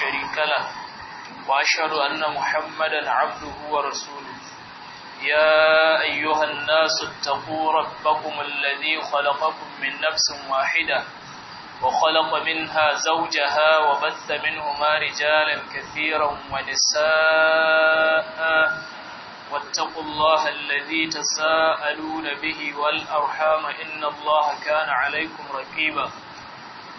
شريك له وأشهد أن محمدا عبده ورسوله يا أيها الناس اتقوا ربكم الذي خلقكم من نفس واحدة وخلق منها زوجها وبث منهما رجالا كثيرا ونساء واتقوا الله الذي تساءلون به والأرحام إن الله كان عليكم رقيبا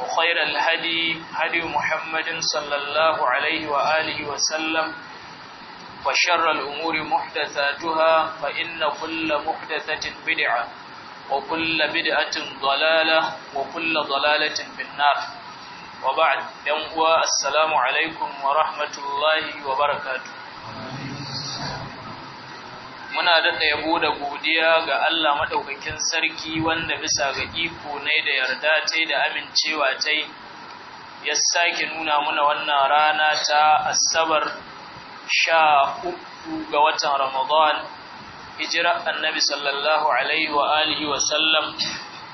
وخير الهدي هدي محمد صلى الله عليه وآله وسلم وشر الأمور محدثاتها فإن كل محدثة بدعة وكل بدعة ضلالة وكل ضلالة في النار وبعد يوم السلام عليكم ورحمة الله وبركاته muna daɗa yabo da godiya ga Allah maɗaukakin sarki wanda bisa ga iko ne da yarda ta da amincewa ta ya sake nuna muna wannan rana ta asabar sha uku ga watan Ramadan hijira annabi sallallahu alaihi wa alihi wa sallam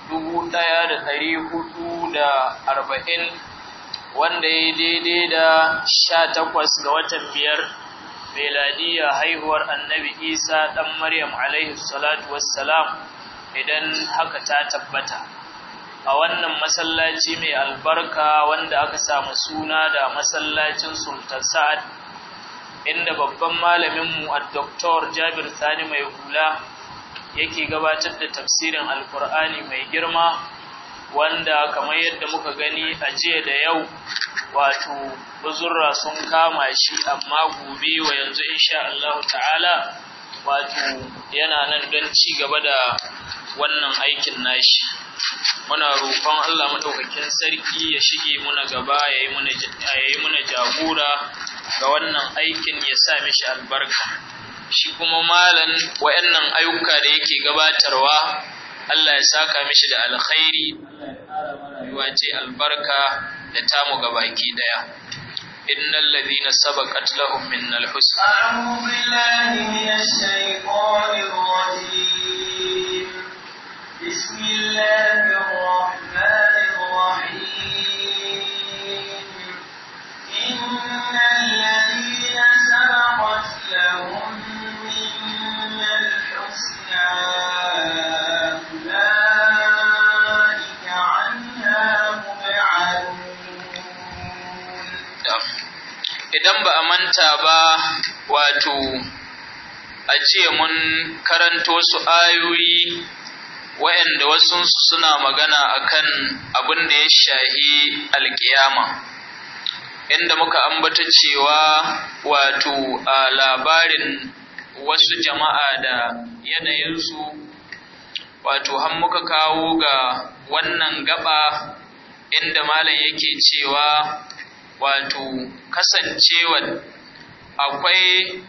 dubu ɗaya da ɗari hudu da arba'in wanda ya daidai da sha takwas ga watan biyar meladiya haihuwar annabi isa ɗan maryam alaihi salatu wassalam idan haka ta tabbata a wannan masallaci mai albarka wanda aka samu suna da masallacin sultan sa'ad inda babban malaminmu a doktor jabir sani mai hula yake gabatar da tafsirin alkur'ani mai girma wanda kamar yadda muka gani a jiya da yau wato buzurra sun kama shi amma gobe wa yanzu insha Allah ta'ala wato yana nan don ci gaba da wannan aikin nashi muna roƙon Allah madaukakin sarki ya shige muna gaba yayi muna yayi muna jagora ga wannan aikin ya sa mishi albarka shi kuma malan wayannan ayyuka da yake gabatarwa Allah ya saka mishi da alkhairi wace albarka da tamu gabaki daya innal ladhina sabaqat lahum minnal husna a'udhu billahi minash shaitanir rajim bismillahir rahmanir rahim idan ba a manta ba wato a ce mun karanto su ayoyi wa'anda wasu suna magana a kan abin da ya shahi alƙiyama, inda muka ambata cewa wato a labarin wasu jama'a da yanayinsu wato har muka kawo ga wannan gaba inda malam yake cewa wato kasancewa akwai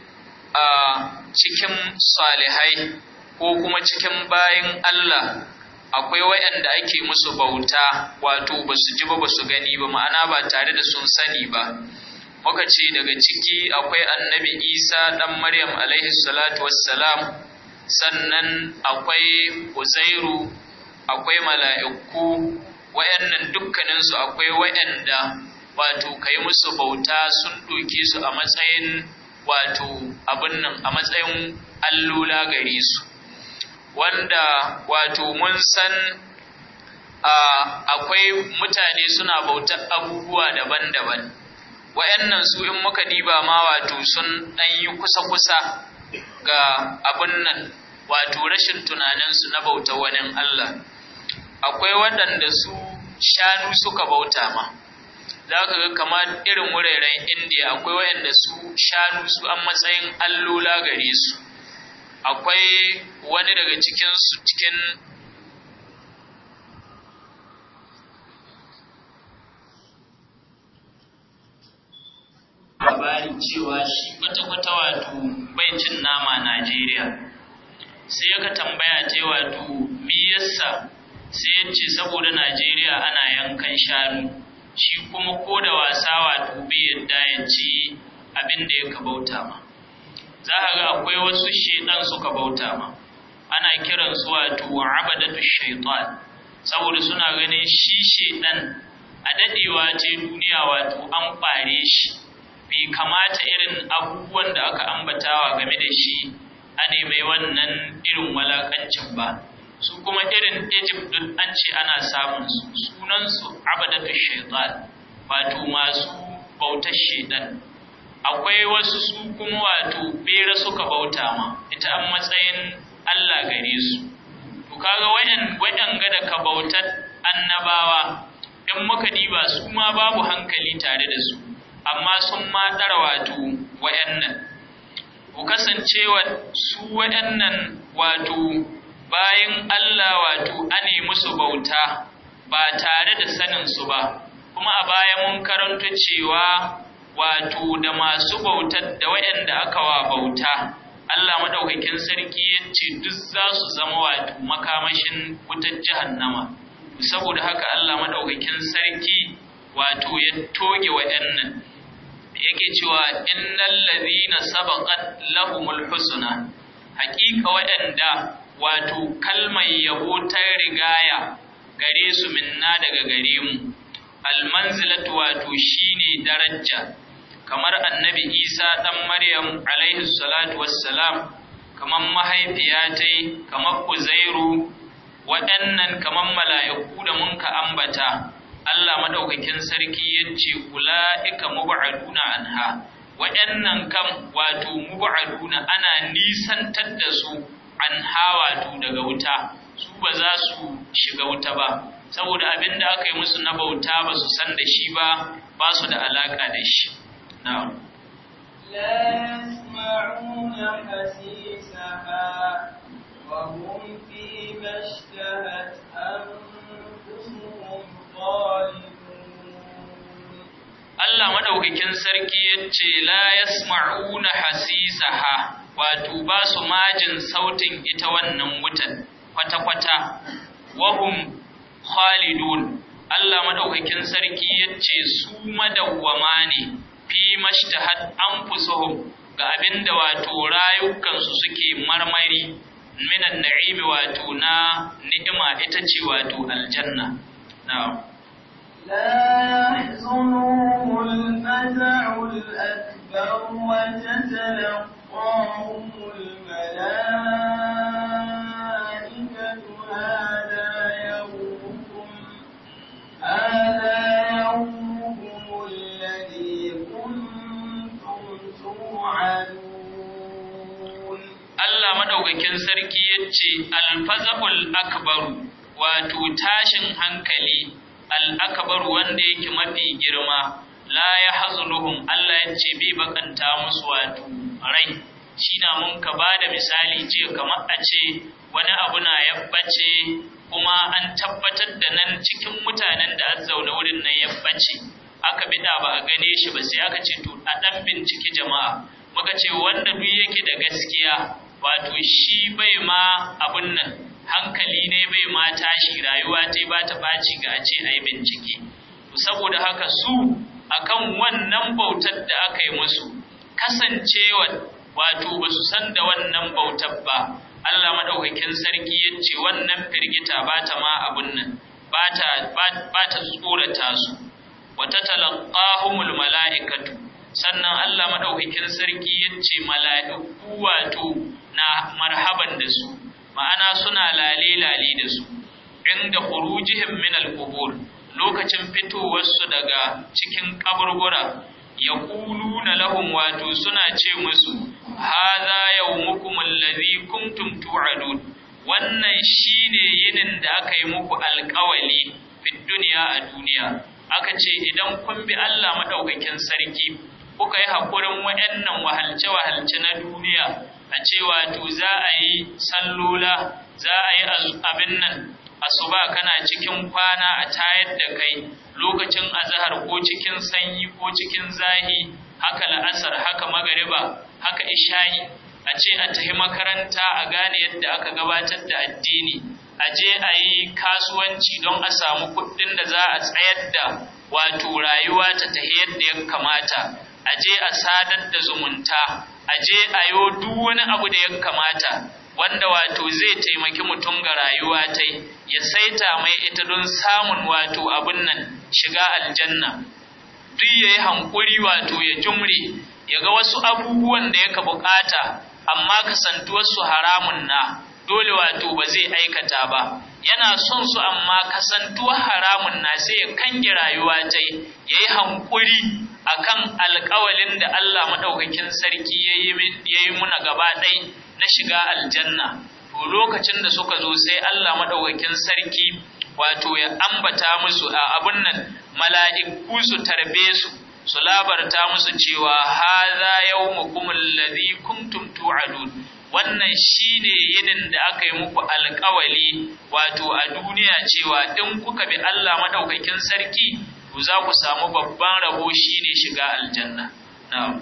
a cikin salihai ko kuma cikin bayan Allah akwai waɗanda ake musu bauta wato ba su ji ba ba su gani ba ma'ana ba tare da sun sani ba muka ce daga ciki akwai annabi isa ɗan maryam alaihi salatu wassalam sannan akwai uzairu akwai mala'iku wayannan dukkaninsu akwai wayanda wato kai musu bauta sun doke su a matsayin wato abin a matsayin allola gare su wanda wato mun san akwai mutane suna bautar abubuwa daban-daban wayannan su in muka diba ma wato sun ɗan yi kusa-kusa ga abin nan wato rashin tunaninsu na bauta wani Allah akwai waɗanda su shanu suka bauta ma za ka ga kamar irin wuraren indiya akwai wayanda su shanu su an matsayin allola gare su akwai wani daga cikin su cikin labarin cewa shi kwata-kwata wato bai nama nama Najeriya sai yaka tambaya ce wato me sai ya ce saboda Najeriya ana yankan shanu shi kuma ko da wasa wa dubi yadda ya ci abin da ya kabauta ma za a ga akwai wasu shaitan suka bauta ma ana kiran su wato abadatu shaitan saboda suna ganin shi shaitan a dadewa ce duniya wato an fare shi bai kamata irin abubuwan da aka ambatawa game da shi a ne mai wannan irin walakancin ba su kuma irin Egypt din an ce ana samun su sunan su abadatu shaytan wato masu bautar shaytan akwai wasu su kuma wato bera suka bauta ma ita an matsayin Allah gare su to kaga wayan wayan ga da ka bautar annabawa in muka diba su ma babu hankali tare da su amma sun ma dara wato wayannan ku kasancewa su wayannan wato bayan Allah wato ane musu bauta ba tare da saninsu ba kuma a baya mun karanta cewa wato da masu bautar da waɗanda aka wa bauta Allah madaukakin sarki ya ce duk za su zama wato makamashin wutar jahannama saboda haka Allah madaukakin sarki wato ya toge waɗannan yake cewa innal ladhina sabaqat lahumul husna haƙiƙa waɗanda wato kalmar yabo ta rigaya gare su minna daga gare mu almanzilatu wato shine daraja kamar annabi isa dan maryam alaihi salatu wassalam kamar mahaifiya tai kamar uzairu waɗannan kamar mala'iku da mun ka ambata Allah madaukakin sarki yace ula'ika mub'aduna anha waɗannan kam wato mub'aduna ana nisantar da su an hawa tu daga wuta su ba za su shiga wuta ba saboda abin da aka yi musu na bauta ba su san da shi ba ba su da alaka da shi na'am la yasma'una wa hum fi Allah madaukakin sarki yace la yasma'una hasisaha wato ba su majin sautin ita wannan wutan kwata-kwata wahum khalidun Allah madaukakin sarki yace su madawwama ne fi mashtahat anfusuhum ga abinda wato rayukansu suke marmari minan na'imi wato na ni'ima ita ce wato aljanna na'am لا يحزنهم الفزع الأكبر وتتلقى Allah maɗaukakin sarki ya ce, Alfazabul akbar wato tashin hankali, al’akabar wanda yake mafi girma, la ya hazuruhun Allah ya ce, bai bakanta musu wato rai. shi na mun ka ba da misali ce kamar a ce wani abu na bace kuma an tabbatar da nan cikin mutanen da an zaune wurin nan ya bace aka bida ba a gane shi ba sai aka ce to a ɗan binciki jama'a muka ce wanda duk yake da gaskiya wato shi bai ma abun nan hankali ne bai ma tashi rayuwa ta ba ta baci ga a ce a yi bincike saboda haka su akan wannan bautar da aka yi musu kasancewa wato ba su san da wannan bautar ba Allah madaukakin sarki ya ce wannan firgita ba ta ma abun nan ba ta ba ta tsorata su wa tatalaqahumul mala'ikatu sannan Allah madaukakin sarki ya ce mala'iku wato na marhaban da su ma'ana suna lale lale da su inda khurujihim min al lokacin fitowarsu daga cikin kaburbura na lahun wato suna ce musu hadha yawmukum alladhi kuntum tu'adun wannan shine yinin da aka yi muku alƙawali fi duniya a duniya aka ce idan kun bi Allah maɗaukakin sarki kuka yi haƙurin waɗannan wahalce-wahalce na duniya a ce wato za a yi sallola za a yi abin nan asuba kana cikin kwana a tayar da kai lokacin azhar ko cikin sanyi ko cikin zahi haka la'asar haka magariba haka isha'i a ce a tahi makaranta a gane yadda aka gabatar da addini a je a yi kasuwanci don a samu kuɗin da za a tsayar da wato rayuwa ta tafi yadda ya kamata a je a sadar da zumunta a je a yi duk wani abu da ya kamata wanda wato zai taimaki mutum ga rayuwa ta ya saita mai ita don samun wato abin nan shiga aljanna duk yayi yi hankuri wato ya jumre ya ga wasu abubuwan da yaka bukata amma wasu haramun na dole wato ba zai aikata ba yana son su amma kasantuwa haramun na sai ya kange rayuwa ta ya yi hankuri kan alkawalin da Allah maɗaukakin sarki ya yi muna gaba ɗaya na shiga aljanna to lokacin da suka zo sai Allah madaukakin sarki wato ya ambata musu a abun nan mala'iku su tarbe su su labarta musu cewa haza yawmukum alladhi kuntum tu'adun wannan shine yinin da aka yi muku alƙawali wato a duniya cewa in kuka bi Allah madaukakin sarki ku za ku samu babban rabo shine shiga aljanna na'am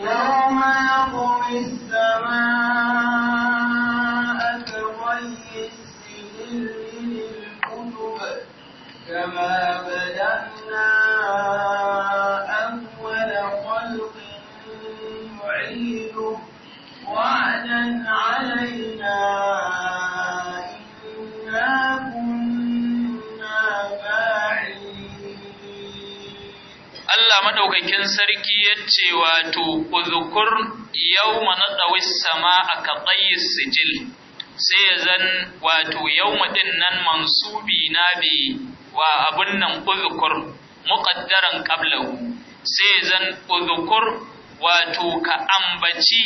يوم يطوي السماء كغي السجل للكتب كما بدأنا أول خلق يعيده وعدا علينا Allah madaukakin sarki yace wato uzkur yawma nadawi samaa ka tayyis sijil sai ya zan wato yawma din nan mansubi bi wa abun nan uzkur muqaddaran qablahu sai ya zan uzkur wato ka ambaci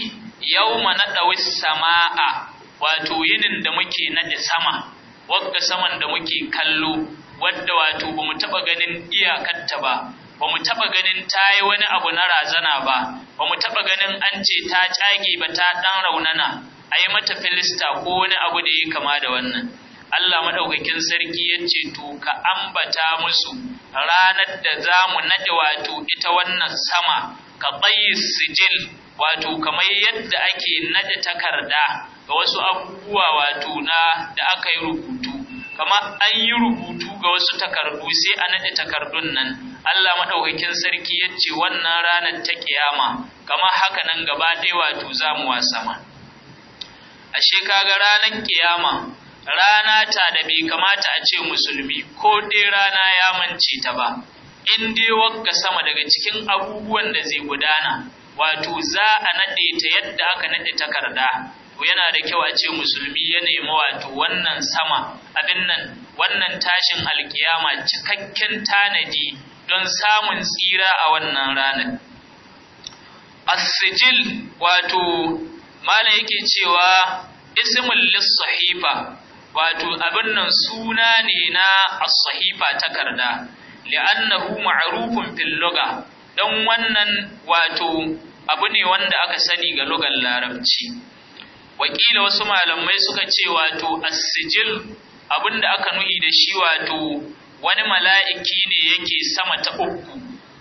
yawma nadawi samaa wato yinin da muke nade sama wadda saman da muke kallo wadda wato bamu taɓa ganin iyakarta ba ba mu taɓa ganin ta yi wani abu na razana ba ba mu taɓa ganin an ce ta cage ba ta ɗan raunana a yi mata filista ko wani abu da ya kama da wannan Allah maɗaukakin sarki ya ce to ka ambata musu ranar da za mu naɗe wato ita wannan sama ka tsayi sijil wato kamar yadda ake naɗe takarda ga wasu abubuwa wato na da aka yi rubutu kama an yi rubutu ga wasu takardu sai a naɗe takardun nan Allah maɗaukakin sarki ya ce wannan ranar ta kiyama kama haka nan gaba ɗaya wato za mu sama ashe kaga ranar kiyama rana ta da bai kamata a ce musulmi ko dai rana ya mance ta ba in dai wakka sama daga cikin abubuwan da zai gudana wato za a naɗe ta yadda aka naɗe takarda to yana da kyau a ce musulmi ya nemi wato wannan sama abin nan wannan tashin alkiyama cikakken tanadi don samun tsira a wannan ranar asijil wato yake cewa ismul lisahifa sahifa wato abin nan suna ne na as-sahifa takarda li'annahu ma'rufun fil lugha dan wannan wato abu ne wanda aka sani ga lugar larabci wakila wasu malamai suka ce wato as-sijil abinda aka nuhi da shi wato wani mala'iki ne yake sama ta uku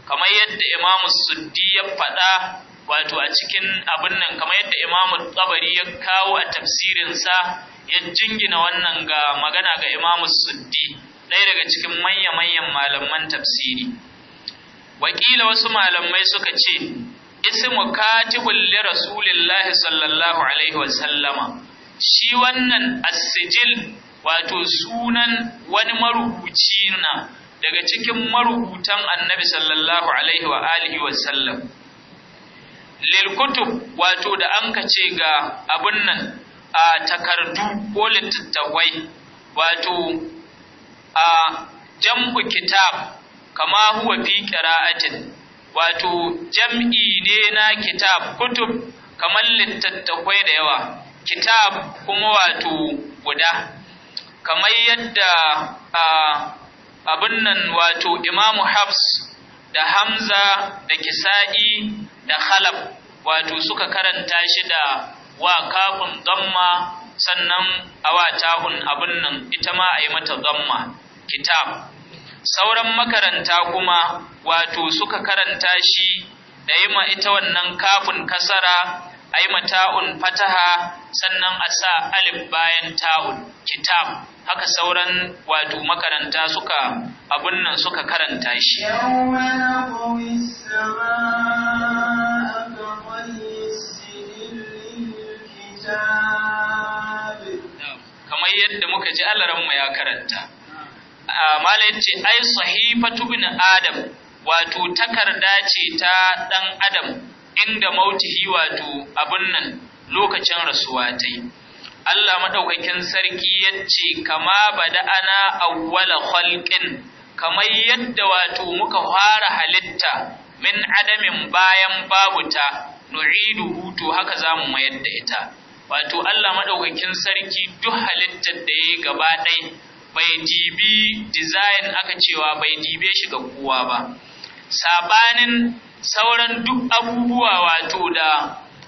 kamar yadda imamu suddi ya faɗa wato a cikin abin nan kamar yadda imamu tsabari ya kawo a tafsirinsa ya jingina wannan ga magana ga imamu suddi ɗaya daga cikin manya-manyan malaman tafsiri wakila wasu malamai suka ce ismu katibun li rasulillahi sallallahu alaihi wasallama shi wannan asijil, wato sunan wani marubuci na daga cikin marubutan annabi sallallahu alaihi wa alihi wasallam lil wato da an kace ga abun nan a takardu ko littattafai wato a jambu kitab kama huwa fi qira'atin wato jam'i ne na kitab kutub kamar littattafai da yawa kitab kuma wato guda kamar yadda abin nan wato imamu hafs da hamza da kisa'i da Khalaf wato suka karanta shi da wa kafin zamma sannan a watahun abin nan ita ma a yi mata zamma kitab sauran makaranta kuma wato suka karanta shi da yi ma ita wannan kafin kasara ma ta'un fataha sannan a sa alif bayan ta'un kitab haka sauran wato makaranta suka abun nan suka karanta shi kamar yadda muka ji alaranmu ya karanta malayin ce ai sahifatu bin adam wato takarda ce ta ɗan adam inda mautihi wato abin nan lokacin rasuwa ta yi Allah madaukakin sarki yace kama ana awwala khalqin kamar yadda wato muka fara halitta min adamin bayan babu ta nuridu to haka zamu mayar da ita wato Allah Maɗaukakin sarki duk halittar da yayi gaba ɗaya bai dibi design aka cewa bai dibe shi ga kowa ba sabanin sauran duk abubuwa wato da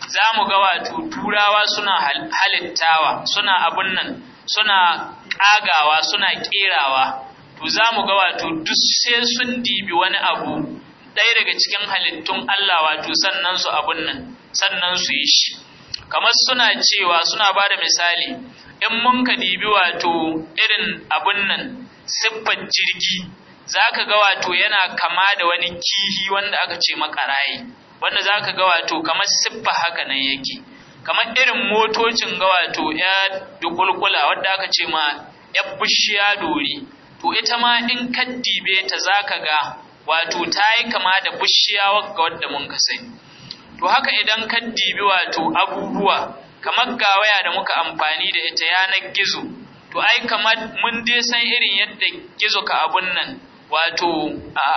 za mu ga wato turawa suna halittawa suna abun nan suna ƙagawa suna ƙerawa to za mu ga wato duk sai sun dibi wani abu ɗaya daga cikin halittun Allah wato sannan su abun nan sannan su yi shi kamar suna cewa suna ba da misali in mun ka dibi wato irin abun nan siffar jirgi za ka ga wato yana kama da wani kihi wanda aka ce makarayi wanda za ka ga wato kamar siffa haka nan yake kamar irin motocin ga wato ya dukulkula wadda aka ce ma ya bushiya dori to ita ma in ka dibe ta za ka ga wato ta yi kama da bushiya wadda mun ka sani to haka idan ka dibi wato abubuwa kamar ga waya da muka amfani da ita yanar gizo to ai kamar mun dai san irin yadda gizo ka abun nan wato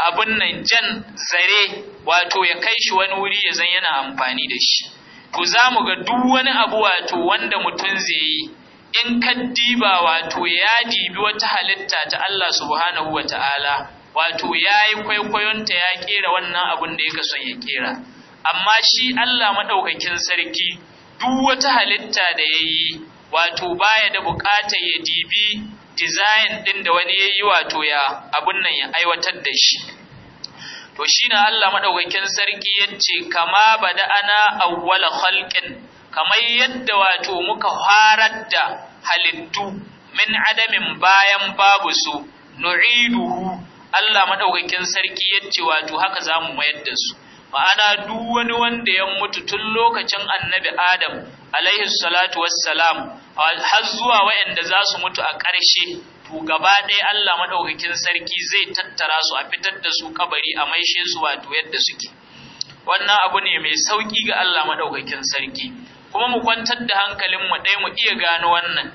abun nan jan zare wato ya kai shi wani wuri ya zan yana amfani da shi to za mu ga duk wani abu wato wanda mutum zai yi in ka diba wato ya dibi wata halitta ta Allah subhanahu wa wato ya yi kwaikwayonta ya kera wannan abun da yake son ya kera amma shi Allah maɗaukakin sarki duk wata halitta da ya yi wato baya da bukata ya dibi design ɗin da wani ya yi wato ya abun nan ya aiwatar da shi to shi ne Allah maɗaukakin sarki ya ce kama ba da ana awwala halƙin kamar yadda wato muka harar da halittu min adamin bayan babu su nu'iduhu Allah maɗaukakin sarki ya ce wato haka za mu mayar da su ma'ana duk wani wanda ya mutu tun lokacin annabi adam alaihi salatu wassalam har zuwa waɗanda za su mutu a ƙarshe to gaba ɗaya Allah madaukakin sarki zai tattara su a fitar da su kabari a maishe su wato yadda suke wannan abu ne mai sauki ga Allah madaukakin sarki kuma mu kwantar da hankalin mu ɗaya mu iya gano wannan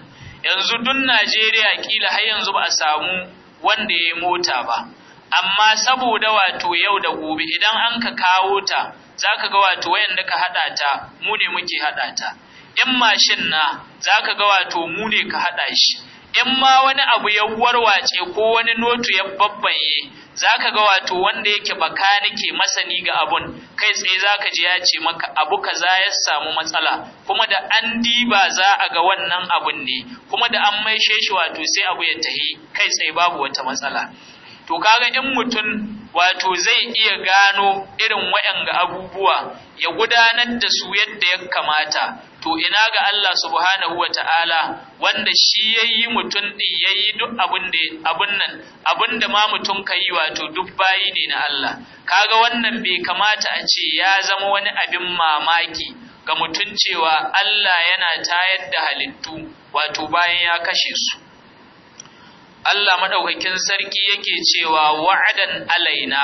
yanzu duk Najeriya kila har yanzu ba a samu wanda ya yi mota ba amma saboda wato yau da gobe idan an ka kawo ta za ka ga wato wayanda ka haɗa ta mu ne muke haɗa ta in mashin na za ka ga wato mu ne ka haɗa shi in ma wani abu ya warwace ko wani notu ya babbanye za ka ga wato wanda yake bakanike masani ga abun kai tsaye za ka ji ya ce maka abu kaza ya samu matsala kuma da an diba za a ga wannan abun ne kuma da an maishe shi wato sai abu ya tahi kai tsaye babu wata matsala to kaga in mutum wato zai iya gano irin waɗanga abubuwa ya gudanar da su yadda ya kamata to ina ga Allah subhanahu wa ta'ala wanda shi ya yi mutum ɗin ya yi duk abin nan abin da ma mutum ka yi wato duk bayi ne na Allah kaga wannan bai kamata a ce ya zama wani abin mamaki ga mutum cewa Allah yana tayar da halittu wato bayan ya kashe su Allah maɗaukakin sarki yake cewa wa'adan alaina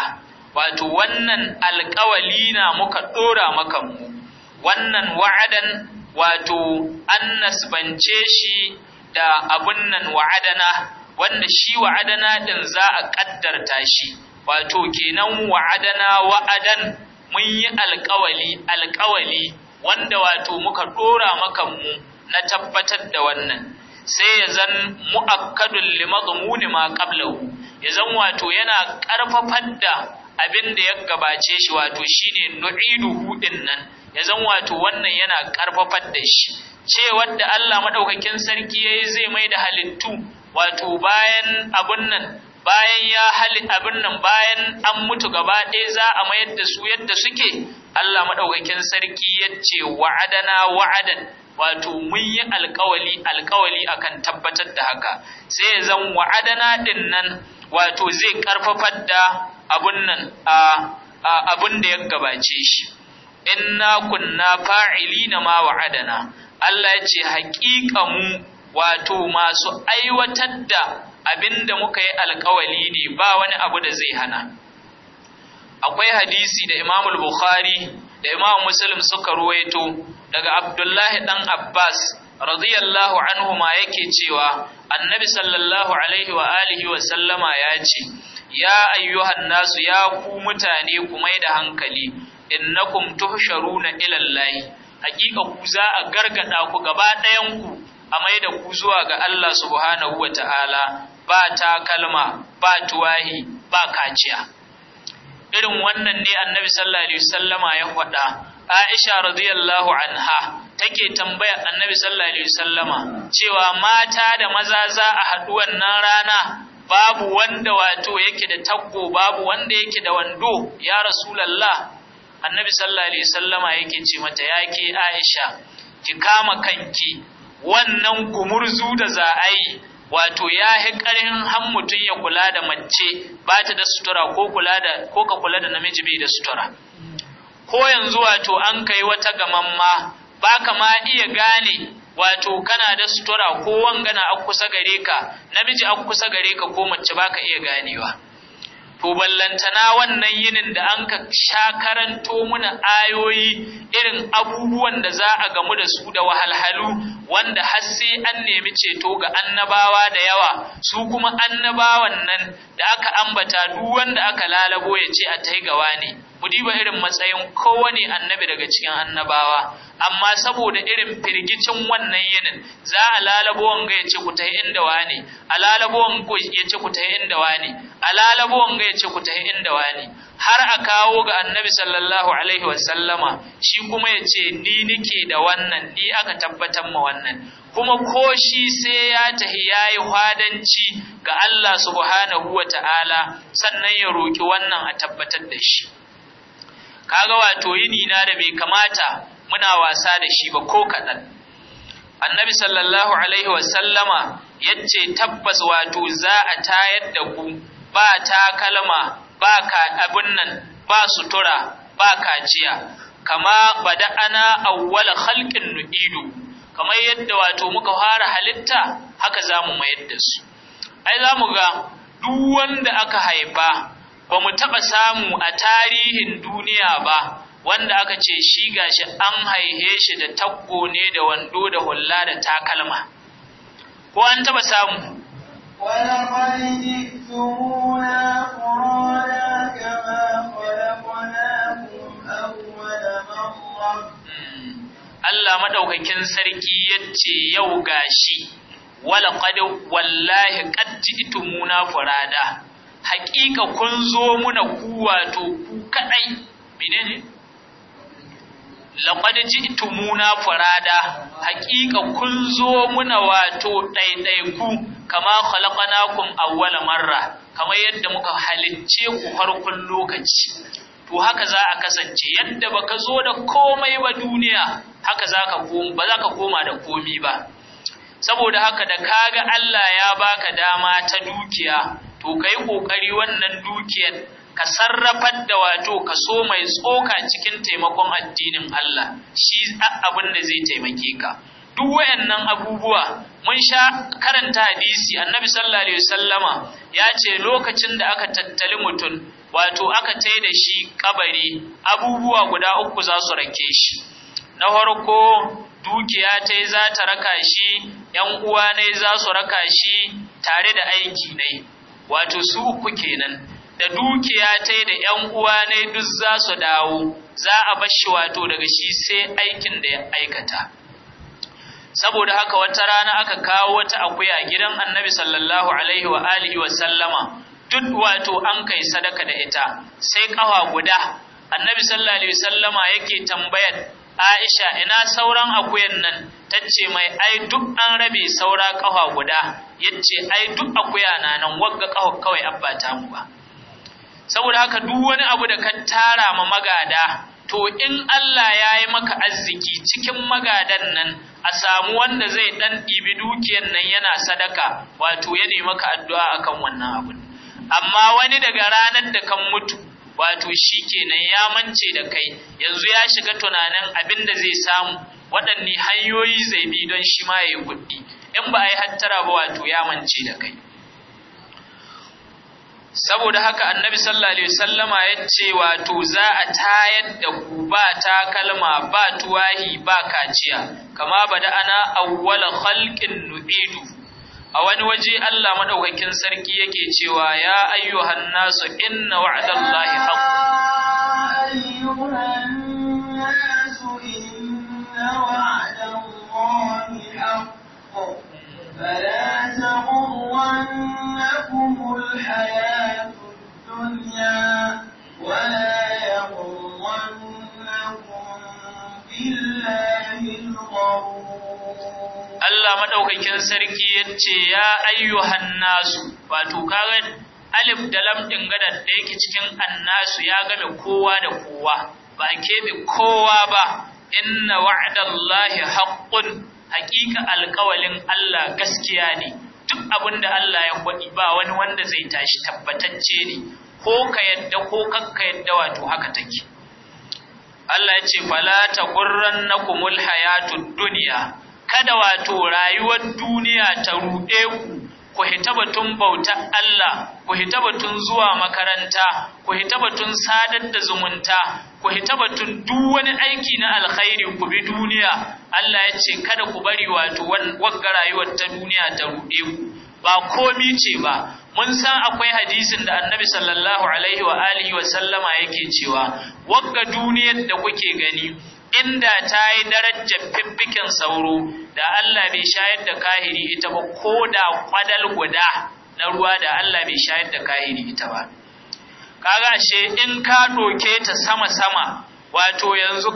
wato wannan alƙawali na muka ɗora maka wannan wa'adan wato an nasbance shi da abun nan wa'adana wanda shi wa'adana din za a kaddarta shi wato kenan wa'adana wa'adan mun yi alƙawali alƙawali wanda wato muka ɗora maka mu na tabbatar da wannan sai ya zan mu'akkadun limadmuni ma qablahu ya zan wato yana karfafar da abin da ya gabace shi wato shine nu'idu hudin nan ya zan wato wannan yana karfafar da shi cewa da Allah madaukakin sarki yayi zai mai da halittu wato bayan abun nan bayan ya halitta abin nan bayan an mutu gaba ɗaya za a mayar da su yadda suke Allah madaukakin sarki yace wa'adana wa'adan wato mun yi alkawali alkawali akan tabbatar da haka sai ya zan wa'adana din nan wato zai karfafar da abun nan a abun da ya gabace shi inna kunna fa'ilina ma wa'adana Allah ya ce haƙiƙa mu wato masu aiwatar da abin da muka yi alkawali ne ba wani abu da zai hana akwai hadisi da Imam Bukhari da Imam Muslim suka ruwaito daga Abdullahi dan Abbas radiyallahu anhu ma yake cewa Annabi sallallahu alaihi wa alihi wa sallama ya ce ya ayyuhan nasu ya ku mutane ku mai da hankali innakum tuhsharuna ila llahi hakika ku za a gargada ku gaba ɗayan ku a mai da ku zuwa ga Allah subhanahu wa ta'ala ba takalma ba tuwahi ba kaciya irin wannan ne annabi sallallahu alaihi wasallama ya faɗa Aisha radiyallahu anha take tambayar annabi sallallahu alaihi wasallama cewa mata da maza za a haɗu wannan rana babu wanda wato yake da taggo babu wanda yake da wando ya rasulullah annabi sallallahu alaihi wasallama yake ce mata yake Aisha ki kama kanki wannan gumurzu da za a yi wato ya yi ƙarfin han mutum ya kula da mace ba ta da sutura ko kula da ko ka kula da namiji bai da sutura ko yanzu wato an kai wata gamamma ba ka ma iya gane wato kana da sutura ko wangana a kusa gare ka namiji akusa kusa gare ka ko mace ba ka iya ganewa to ballantana wannan yinin da an ka sha karanto muna ayoyi irin abubuwan da za a gamu da su da wahalhalu wanda har sai an nemi ceto ga annabawa da yawa su kuma annabawan nan da aka ambata duk wanda aka lalabo ya ce a taigawa ne ku diba irin matsayin kowane annabi daga cikin annabawa amma saboda irin firgicin wannan yinin za a lalabuwan wanga ya ce ku tahi inda wani a lalabuwan wanga ya ce ku tahi inda wani a lalabuwan wanga ya ce ku tahi inda wani har a kawo ga annabi sallallahu alaihi wasallama shi kuma ya ce ni nike da wannan ni aka tabbatar ma wannan kuma ko shi sai ya tahi ya yi hadanci ga Allah subhanahu wa ta'ala sannan ya roƙi wannan a tabbatar da shi. kaga wato yini na da bai kamata muna wasa da shi ba ko kaɗan annabi sallallahu alaihi wasallama yace tabbas wato za a tayar da ku ba takalma ba ka abun nan ba sutura ba kaciya kama bada ana awwal halkin nu'idu kamar yadda wato muka fara halitta haka zamu mayar da su ai mu ga duk wanda aka haifa ba mu taɓa samu a tarihin duniya ba wanda aka ce shi gashi an haihe shi da taggo ne da wando da hulla da takalma ko an taɓa samu Allah madaukakin sarki yace yau gashi wala wallahi qad jitumuna furada haƙiƙa kun zo muna ku wato ku kaɗai menene laƙwada ji tumuna farada? haƙiƙa kun zo muna wato ɗaiɗaiku kama kun awwala marra kamar yadda muka halicce ku farkon lokaci to haka za a kasance yadda baka zo da komai ba duniya haka ba za ka koma da komi ba saboda haka da kaga Allah ya baka dama ta dukiya to kai kokari wannan dukiyar ka sarrafar da wato ka so mai tsoka cikin taimakon addinin Allah shi abin da zai taimake ka duk wayannan abubuwa mun sha karanta hadisi annabi sallallahu alaihi wasallama ya ce lokacin da aka tattali mutum wato aka tai da shi kabari abubuwa guda uku za su rake shi na farko dukiya ta za ta raka shi ‘yan uwa ne za su raka shi tare da aiki ne wato su uku kenan da dukiya ta da ‘yan uwa ne duk za su dawo za a bashi wato daga shi sai aikin da ya aikata saboda haka wata rana aka kawo wata akuya gidan annabi sallallahu alaihi wa alihi wa sallama duk wato an kai sadaka da ita sai ƙawa guda annabi sallallahu alaihi wa sallama yake tambayar Aisha ina sauran akuyan nan tace mai ai duk an rabe saura kafa guda yace ai duk akuya na nan wagga kafa kawai abba ta mu ba saboda haka duk wani abu da ka tara ma magada to in Allah ya yi maka arziki cikin magadan nan a samu wanda zai dan ɗibi dukiyar nan yana sadaka wato ya nemi maka addu'a akan wannan abu amma wani daga ranar da kan mutu wato shi kenan ya mance da kai yanzu ya shiga tunanin abin da zai samu waɗanne hanyoyi zai bi don shi ma ya yi kuɗi in ba a yi hattara ba wato ya mance da kai saboda haka annabi sallallahu alaihi ya ce wato za a tayar da ku ba takalma ba tuwahi ba kaciya kama bada ana awwal khalqin nu'idu a wani waje Allah madaukakin sarki yake cewa ya ayyuhan su inna wa'dallahi haqq ayyuhan su inna wa'dallahi haqq fala taghurrannakum alhayatud wala Allah madaukakin sarki yace ya ayyuhan nasu wato kaga alif da lam din gadan da yake cikin annasu ya da kowa da kowa ba kebe kowa ba inna wa'dallahi haqqun haqiqa alqawlin Allah gaskiya ne duk abinda Allah ya kwadi ba wani wanda zai tashi tabbatacce ne ko ka yadda ko kakka yadda wato haka take Allah ya ce fala tagurrannakumul hayatud dunya kada wato rayuwar duniya ta ruɗe ku ku hita batun bauta Allah ku hita batun zuwa makaranta ku hita batun sadar da zumunta ku hita batun duk wani aiki na alkhairi ku bi duniya Allah ya ce kada ku bari wato wagga rayuwar ta duniya ta ruɗe ku ba komi ce ba mun san akwai hadisin da annabi sallallahu alaihi wa alihi wa sallama yake cewa wagga duniyar da kuke gani inda ta yi darajar fiffikin sauro da Allah bai shayar da kahiri ita ba ko da kwadal guda na ruwa da Allah bai shayar da kahiri ita ba kaga she in ka doke ta sama sama wato yanzu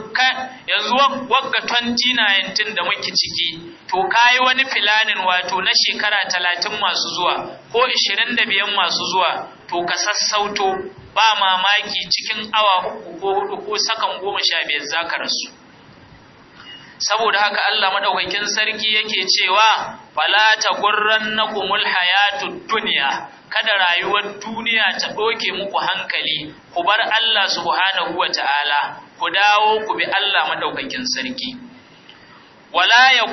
yanzu wagga 2019 da muke ciki to kai wani filanin wato na shekara 30 masu zuwa ko 25 masu zuwa to ka sassauto ba mamaki cikin awa uku ko hudu ko sakan goma sha biyar za ka rasu saboda haka Allah madaukakin sarki yake cewa fala kumul hayatud dunya kada rayuwar duniya ta doke muku hankali ku bar Allah subhanahu Ta'ala, ku dawo ku bi Allah madaukakin sarki wala ya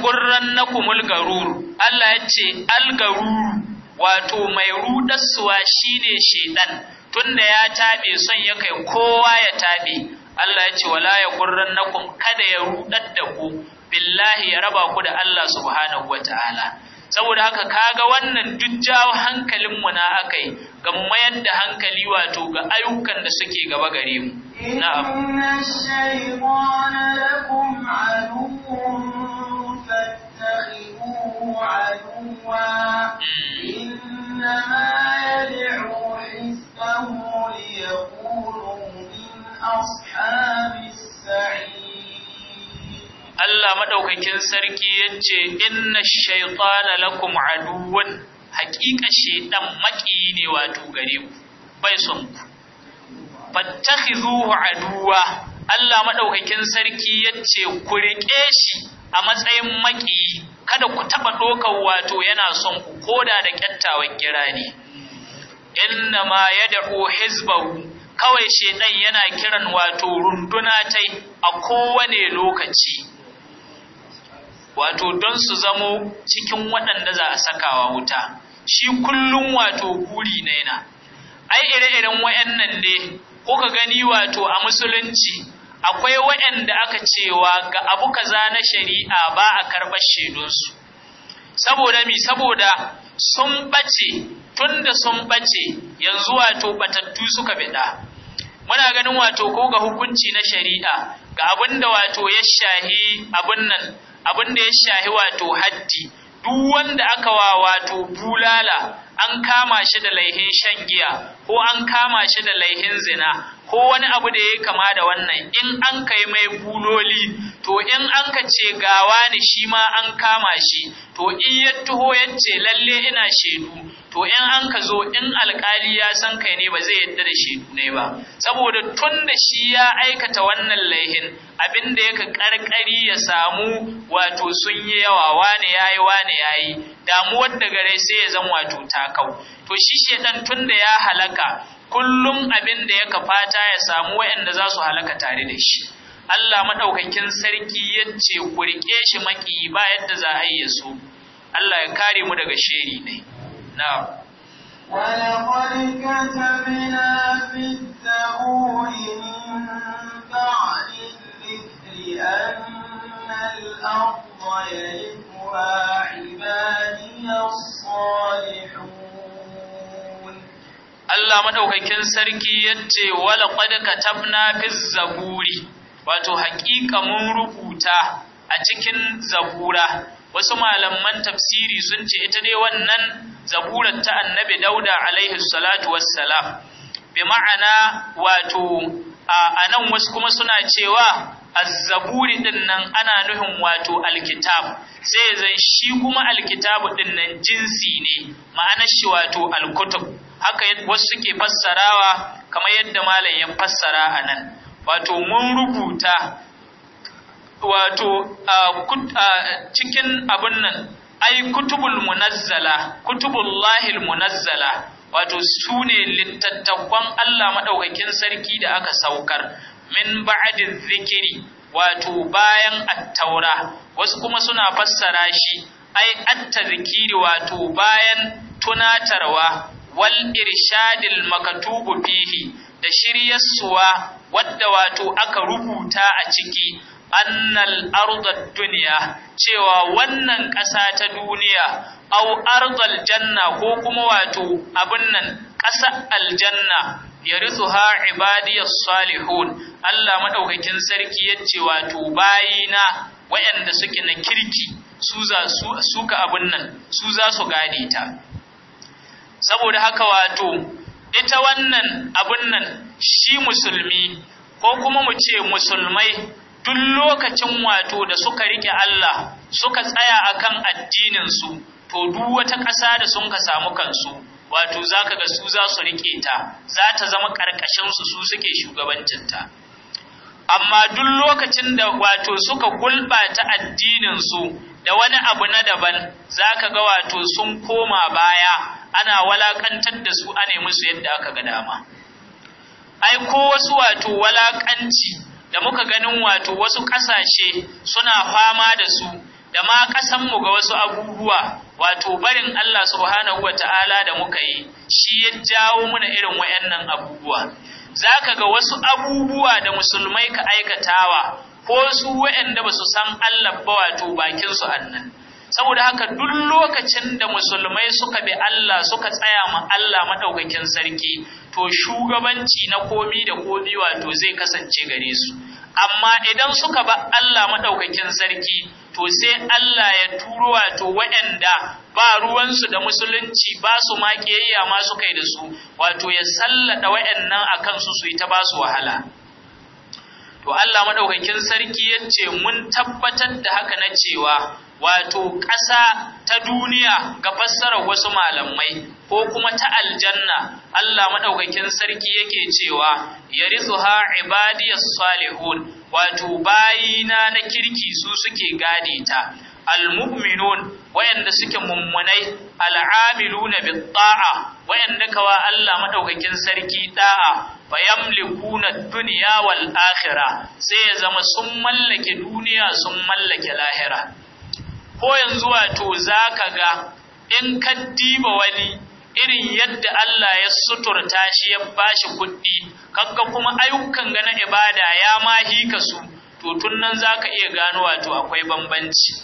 kumul garur Allah yace al garur wato mai rudarsuwa shine shedan tunda ya taɓe son ya kai kowa ya taɓe, Allah ya ce wala ya kun kada ya rudar da ku billahi ya raba ku da Allah subhanahu wataala saboda haka kaga wannan duk jawo hankalin mu na akai ga mayar da hankali wato ga ayyukan da suke gaba gare mu na'am inna Allah maɗaukakin sarki ya ce, Inna shaitana lakum aduwan haƙiƙa shaiɗan maƙi ne wato gare ku, bai son ku. Fattahi aduwa, Allah maɗaukakin sarki ya ce, Ku riƙe shi a matsayin maƙi, kada ku taɓa ɗokan wato yana son ku, koda da da kirani. inna ma yad'u hizbahu kawai shedan yana kiran wato runduna tai a kowane lokaci wato don su zamo cikin waɗanda za a sakawa wuta shi kullum wato guri na yana ai ire-iren wayannan ne kuka gani wato a musulunci akwai wayanda aka cewa ga abu kaza na shari'a ba a karɓar shaidunsu saboda mi saboda sun ɓace. Tun da sun ɓace yanzu wato batattu suka bida muna ganin wato ko ga hukunci na shari'a ga abinda wato ya shahi abin nan abinda ya shahi wato haddi duk wanda aka wa wato bulala an kama shi da laihin shan giya ko an kama shi da laihin zina ko wani abu da ya kama da wannan in an kai mai buloli to in an ka ce gawa ne shi ma an kama shi to in ya tuho ya ce lalle ina shaidu to in an ka zo in alkali ya san kai ne ba zai yadda da shaidu ne ba saboda tun da shi ya aikata wannan laihin abin da yake karkari ya samu wato sun yi yawa wane yayi wane yayi damuwar da gare sai ya zama wato takau to shi shedan tunda ya halaka kullum abin da ya fata ya samu waɗanda za su halaka tare da shi Allah madaukakin sarki yace ku rike shi maki ba yadda za a yi su Allah ya kare mu daga sheri ne na'am ولقد كتبنا في الزبور من بعد الذكر أن الأرض يرثها عبادي الصالحون Allah madaukakin sarki yace wala qad katabna fi zaburi wato haƙiƙa mun rubuta a cikin zabura wasu malaman tafsiri sun ce ita dai wannan zaburar ta annabi dauda alaihi salatu wassalam bi ma'ana wato a nan wasu kuma suna cewa azzaburi din nan ana nuhin wato alkitab sai zan shi kuma alkitabu din jinsi ne ma'anar shi wato alkutub haka wasu suke fassarawa kamar yadda malam ya fassara anan. wato mun rubuta wato cikin abin nan ai kutubul munazzala kutubullahil munazzala wato sune ne littattafan Allah maɗaukakin sarki da aka saukar min ba'adin zikiri wato bayan taura, wasu kuma suna fassara shi ai atta zikiri wato bayan tunatarwa wal irshadil makatubu fihi da shiryarsuwa wadda wato aka rubuta a ciki annal ardad duniya cewa wannan ƙasa ta duniya au ardal janna ko kuma wato abin nan ƙasa aljanna yarithuha ibadiyas salihun Allah madaukakin sarki yace wato bayina wayanda suke na kirki su za su suka abun nan su za su gane ta saboda haka wato ita wannan abun nan shi musulmi ko kuma mu ce musulmai duk lokacin wato da suka rike Allah suka tsaya akan addininsu to duk wata ƙasa da sun ka samu kansu wato za ka ga su za su rike ta za ta zama ƙarƙashinsu su suke shugabancinta amma duk lokacin da wato suka gulɓata addininsu da wani abu na daban za ka ga wato sun koma baya ana walakantar da su ane musu yadda aka ga dama ai ko wasu wato walakanci da muka ganin wato wasu kasashe suna fama da su da ma kasan mu ga wasu abubuwa wato barin Allah subhanahu wataala da muka yi shi ya jawo muna irin wayannan abubuwa zaka ga wasu abubuwa da musulmai ka aikatawa ko su wayanda ba su san Allah ba wato bakin su annabi saboda haka duk lokacin da musulmai suka bi Allah suka tsaya ma Allah madaukakin sarki to shugabanci na komi da komi wato zai kasance gare su amma idan suka ba Allah madaukakin sarki to sai Allah ya turo wato waɗanda ba ruwansu da musulunci ba su ma kiyayya ma su kai da su wato ya sallada waɗannan akan su su yi ta basu wahala to Allah madaukakin sarki yace mun tabbatar da haka na cewa wato ƙasa ta duniya ga fassarar wasu malamai ko kuma ta aljanna Allah maɗaukakin sarki yake cewa yarithuha ibadiyas salihun wato bayina na kirki su suke gane ta almu'minun wayanda suke mummunai al'amiluna na taa wayanda kawa Allah madaukakin sarki da'a bayamlikuna dunya wal akhirah sai ya zama sun mallake duniya sun mallake lahira ko yanzu wato zaka ga in ka diba wani irin yadda Allah ya suturta shi ya bashi kuɗi kaga kuma ayyukan ga na ibada ya ma ka su to tun nan zaka iya gano wato akwai bambanci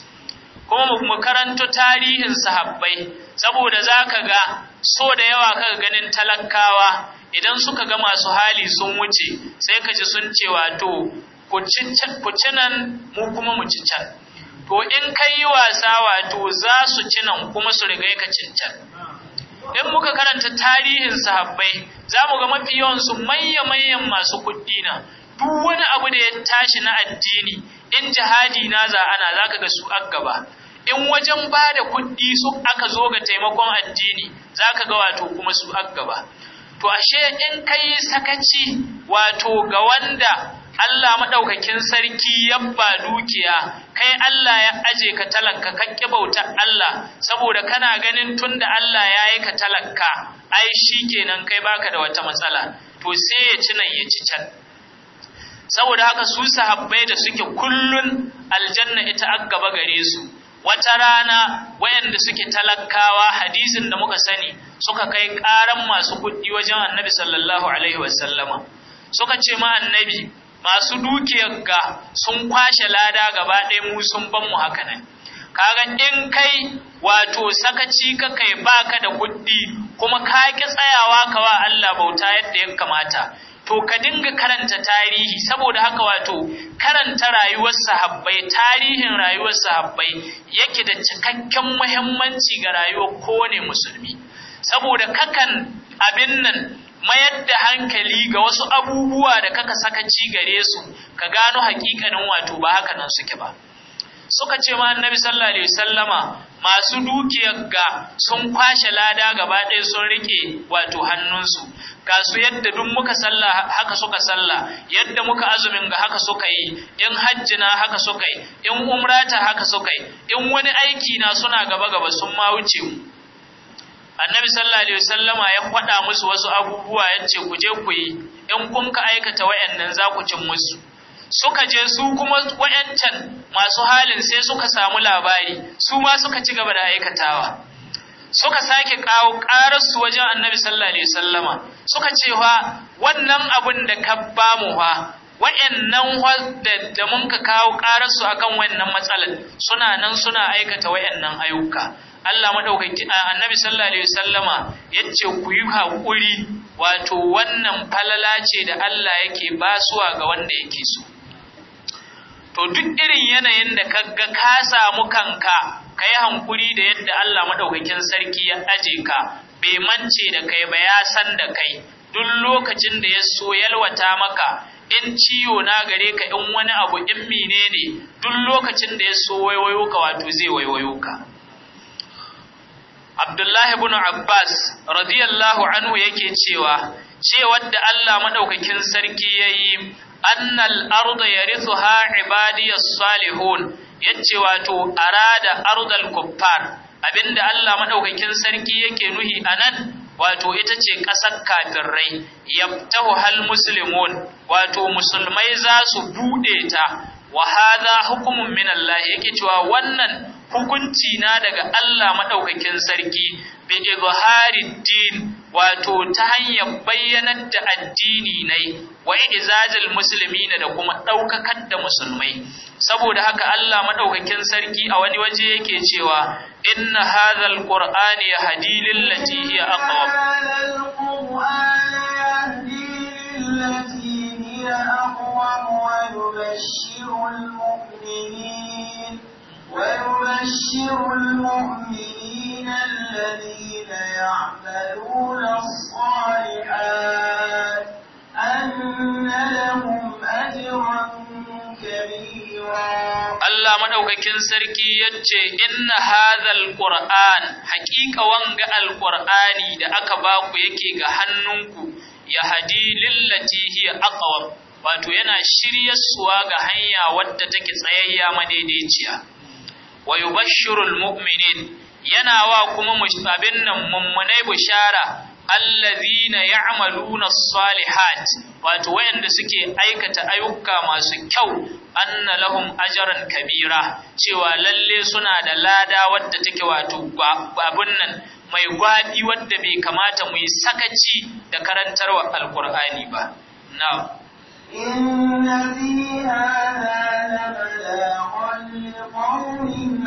kuma mu karanto tarihin sahabbai saboda zaka ga so da yawa kaga ganin talakawa idan suka ga masu hali sun wuce sai ka ji sun ce wato ku ci nan mu kuma mu ci can to in ka yi wasa wato za su ci nan kuma su riga ka cincan in muka karanta tarihin sahabbai za mu ga mafi yawansu manya-manyan masu kuɗi na duk wani abu da ya tashi na addini in jihadi na za ana za ka ga su an gaba in wajen ba da kuɗi su aka zo ga taimakon addini za ka ga wato kuma su an gaba to ashe in ka yi sakaci wato ga wanda Allah maɗaukakin sarki yabba dukiya, kai Allah ya aje ka talaka kakke bautar Allah, saboda kana ganin tunda Allah ya yi ka talaka, ai shi kenan kai baka da wata matsala, to sai ya ci nan ya ci can. Saboda haka su sahabbai da suke kullun aljanna ita an gaba gare su, wata rana wayanda suke talakawa hadisin da muka sani suka kai ƙaran masu kuɗi wajen annabi sallallahu alaihi wasallama. Suka ce ma annabi, masu dukiyar ga sun kwashe lada gaba ɗaya mu sun ban mu haka nan kaga in kai wato sakaci ka kai baka da kuɗi kuma ka ki tsayawa ka wa Allah bauta yadda ya kamata to ka dinga karanta tarihi saboda haka wato karanta rayuwar sahabbai tarihin rayuwar sahabbai yake da cikakken muhimmanci ga rayuwar kowane musulmi saboda kakan abin nan mayar da hankali ga wasu abubuwa da kaka sakaci gare su ka gano hakikanin wato ba haka nan suke ba suka ce ma annabi sallallahu alaihi wasallama masu dukiyar ga sun kwashe lada gaba ɗaya sun rike wato hannunsu ga su yadda duk muka salla haka suka salla yadda muka azumin ga haka suka yi in hajjina na haka suka yi in umrata haka suka yi in wani aiki na suna gaba gaba sun ma wuce mu annabi sallallahu alaihi wasallam ya faɗa musu wasu abubuwa ya ce ku je ku yi in kun ka aikata wayannan za ku cin musu suka je su kuma wayancan masu halin sai suka samu labari su ma suka ci gaba da aikatawa suka sake kawo su wajen annabi sallallahu alaihi wasallama suka ce fa wannan abin da ka ba mu fa da mun ka kawo ƙararsu akan wannan matsalar suna nan suna aikata wayannan ayyuka Allah madaukaki annabi sallallahu alaihi wasallama yace ku yi hakuri wato wannan falala ce da Allah yake basuwa ga wanda yake so to duk irin yanayin da kaga ka samu kanka kai hankuri da yadda Allah madaukakin sarki ya aje ka bai mance da kai ba ya san da kai duk lokacin da ya so yalwata maka in ciwo na gare ka in wani abu in menene duk lokacin da ya so waiwayo ka wato zai waiwayo ka Abdullahi ibn Abbas radiyallahu anhu yake cewa cewar da Allah madaukakin sarki yayi annal arda yarithuha ibadiyas salihun yace wato arada ardal kuffar abinda Allah madaukakin sarki yake nuhi anan wato ita ce ƙasar kafirai yabtahu hal muslimun wato musulmai za su bude ta wa hadha hukumun min yake cewa wannan hukunci na daga Allah madaukakin sarki bi izharid din wato ta hanyar bayyanar da addini nai wa izajil muslimina da kuma daukakar da musulmai saboda haka Allah madaukakin sarki a wani waje yake cewa inna hadhal qur'ani yahdi lil lati hiya aqwam هي أقوم ويبشر المؤمنين ويبشر المؤمنين الذين يعملون الصالحات أن لهم أجرا Allah madaukakin sarki yace inna hadhal qur'an haqiqa wanga alqur'ani da aka baku yake ga hannunku yahdi lillati hiya aqwam wato yana suwa ga hanya wadda take tsayayya madaidaiciya wa yubashshirul mu'minin yana wa kuma mushabbin nan mummunai bishara allazina ya'maluna salihat wato wayanda suke aikata ayyuka masu kyau anna lahum ajran kabira cewa lalle suna da lada wadda take wato abun nan mai gwadi wadda bai kamata mu yi sakaci da karantarwa alqur'ani ba na'am inna fi hadha la liqawmin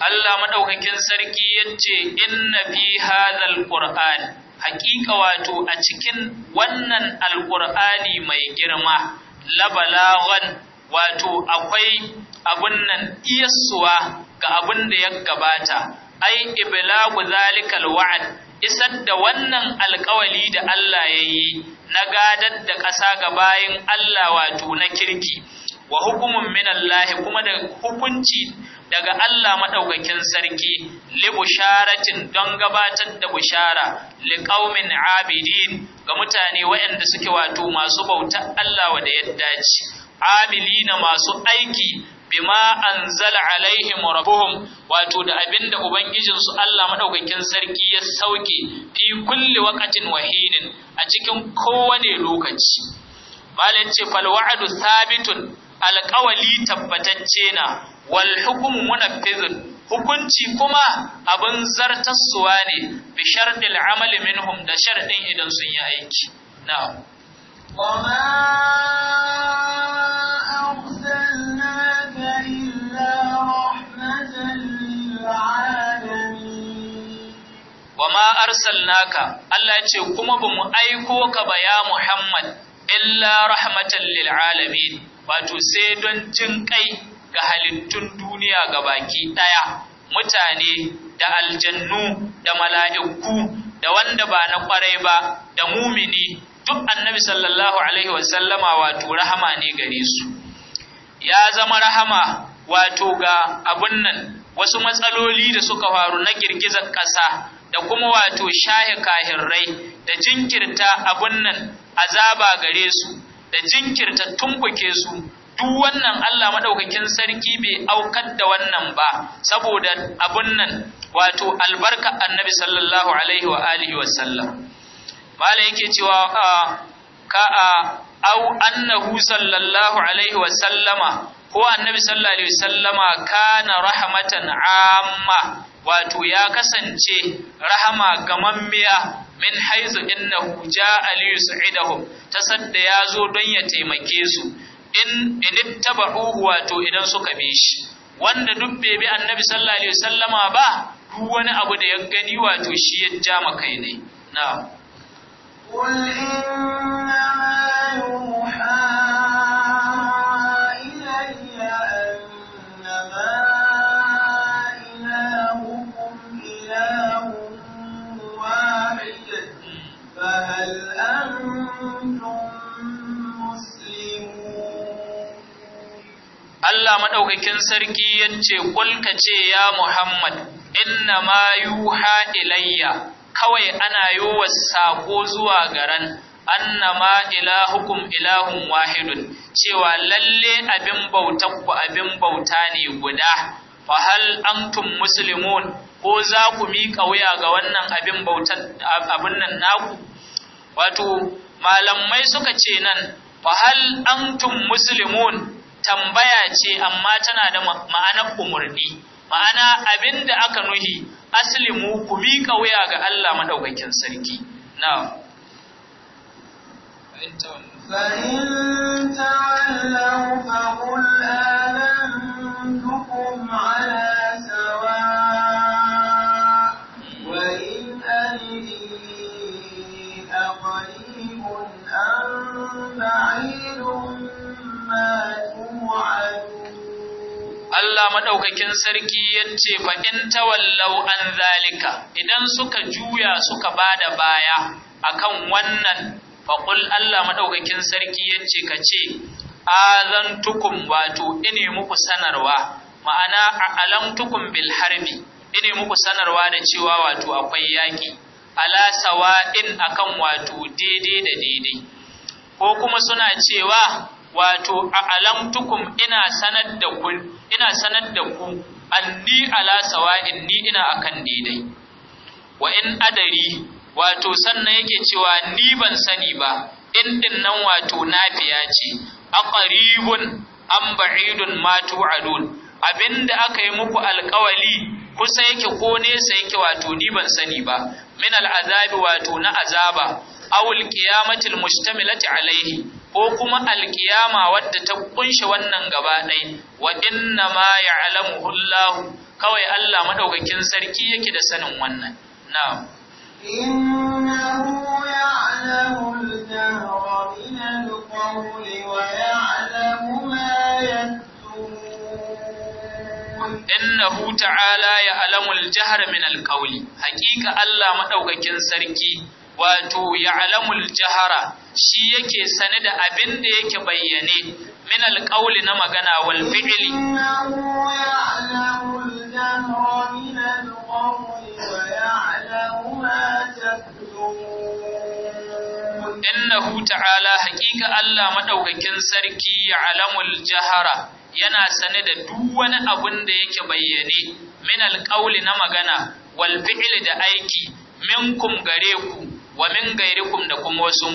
Allah madaukakin sarki yace inna fi hadhal qur'an haƙiƙa wato a cikin wannan alqur'ani mai girma la wato akwai abun nan iyassuwa ga abun da ya gabata ai iblagu zalikal wa'd isar da wannan alƙawali da Allah ya yi na gadar da ƙasa ga bayin Allah wato na kirki wa hukumun minallahi kuma da hukunci daga Allah maɗaukakin sarki li busharatin don gabatar da bushara li qaumin abidin ga mutane waɗanda suke wato masu bauta Allah wanda ya dace amilina masu aiki bima anzala alaihim rabbuhum wato da abinda ubangijin su Allah madaukakin sarki ya sauke fi kulli waqatin wahinin a cikin kowane lokaci malai ce fal wa'du thabitun alqawli tabbatacce na wal hukmu hukunci kuma abin zartassuwa ne bi sharɗil amali minhum da sharɗin idan sun yi aiki na'am wama arsalnaka Allah ya ce kuma bamu aiko ka ba ya Muhammad illa rahmatan lil alamin wato sai don jin kai ga halittun duniya ga baki ɗaya mutane da aljannu da mala'iku da wanda ba na kwarai ba da mumini duk annabi sallallahu alaihi wasallama wato rahama ne gare su ya zama rahama wato ga abun nan wasu matsaloli da suka faru na girgizar ƙasa da kuma wato shahi kahirrai da jinkirta abun nan azaba gare su da jinkirta tumbuke su duk wannan Allah madaukakin sarki bai aukar da wannan ba saboda abun nan wato albarka annabi sallallahu alaihi wa alihi wa sallam mala yake cewa ka a au annahu sallallahu alaihi wa sallama ko annabi sallallahu alaihi wa sallama kana rahmatan amma wato ya kasance rahama gamammiya min haizu innahu ja'a li yus'idahum tasadda yazo don ya taimake su in inittabahu wato idan suka bi shi wanda duk bai bi annabi sallallahu alaihi wasallama ba duk wani abu da ya gani wato shi ya ja maka ne na. qul innama yuha maɗaukakin sarki yace ce kulka ce ya Muhammad inna ma yuha ilayya kawai ana yowa sako zuwa garan annama ilahukum ilahun wahidun cewa lalle abin bautan ku abin bauta ne guda fa hal antum muslimun ko za ku miƙa wuya ga wannan abin bautan abin nan naku wato malamai suka ce nan fa hal antum muslimun tambaya ce amma tana da ma'anar umarni, ma'ana abin da aka nuhi aslimu ku miƙa wuya ga Allah maɗaukakin sarki fa'in فإن fa'ul alam آذنتكم ala Allah maɗaukakin sarki ya ce in tawallau an zalika, idan suka juya suka ba da baya akan wannan faƙul Allah maɗaukakin sarki ya ce ka ce, Azantukum wato ine muku sanarwa, ma'ana a alamtukum bil harbi, ine muku sanarwa da cewa wato akwai yaƙi, ala sawa'in akan wato daidai da daidai, ko kuma suna cewa wato alamtukum ina sanar da ku ina sanar da ku anni ala sawa'in ni ina akan daidai wa in adari wato sannan yake cewa ni ban sani ba in din nan wato nafiya ce aqribun am ba'idun ma tu'adun abinda aka yi muku alkawali kusa yake ko nesa yake wato ni ban sani ba min azabi wato na azaba awul qiyamatil mustamilati alaihi ko kuma alkiyama wadda ta kunshe wannan gaba ɗai wa inna ma ya'lamuhu Allah kawai Allah madaukakin sarki yake da sanin wannan na'am innahu ya'lamu ya'lamu innahu ta'ala ya'lamu al-jahra min al-qawli haqiqa Allah madaukakin sarki wato ya'lamul jahara shi yake sane da abin da yake bayyane min alqawli na magana wal fi'li innahu ta'ala haqiqa Allah maɗaukakin sarki ya'lamul jahara yana sane da duk wani abin da yake bayyane min alqawli na magana wal fi'li da aiki minkum gare ku wa min gairikum da kuma ku,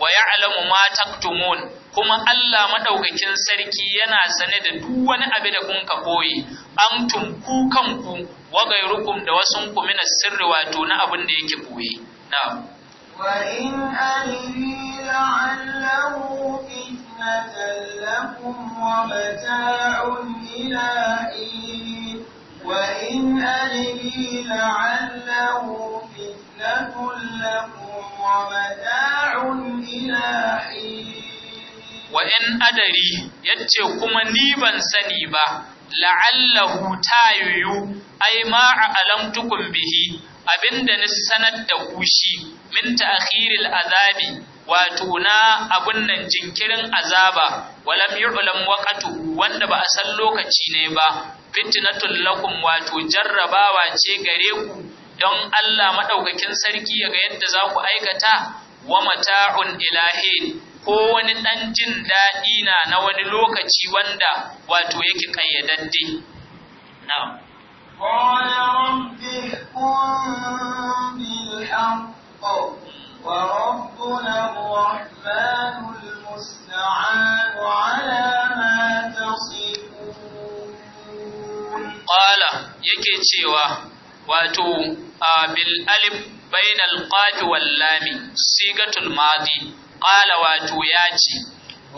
wa ya'lamu ma taktumun kuma Allah madaukakin sarki yana sane da duk wani abu da kun ka koyi amtum ku kanku wa gairukum da ku min sirri wato na abin da yake boye na wa in alimi la'allahu fitnatan lakum wa mata'un ila in wa in la'allahu wain adari وَمَتَاعٌ yace kuma ni ban sani ba la'allahu tayu ai ma alamtukum bihi abinda ni sanar da kushi, shi min ta'khiril azabi wato na abun nan jinkirin azaba walam yu'lam waqatu wanda ba a san lokaci ne ba fitnatul lakum wato jarrabawa ce gare ku don Allah maɗaukakin sarki ya ga yadda za ku aikata wa mata'un ilahi ko wani ɗan jin daɗi na na wani lokaci wanda wato yake ƙayyadadde. Na'am. قال yake cewa wato bil alif bainal qaf wal lam sigatul madi qala wato yaci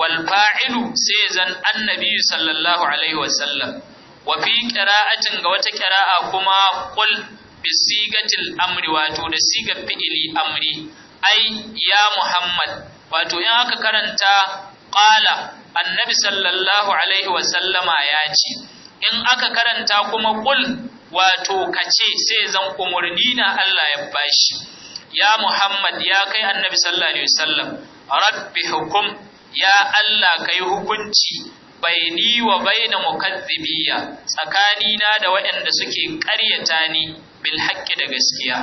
wal fa'ilu sai zan annabi sallallahu alaihi wasallam wa fi qira'atin ga wata qira'a kuma qul bi sigatil amri wato da sigar fi'ili amri ai ya muhammad wato in aka karanta qala annabi sallallahu alaihi wasallama yace in aka karanta kuma qul wato kace sai zan umurni na Allah ya bashi ya Muhammad ya kai annabi sallallahu alaihi wasallam rabbi hukum ya Allah kai hukunci baini wa baina mukazzibiya tsakani na da waɗanda suke ƙaryata ni bil haqqi da gaskiya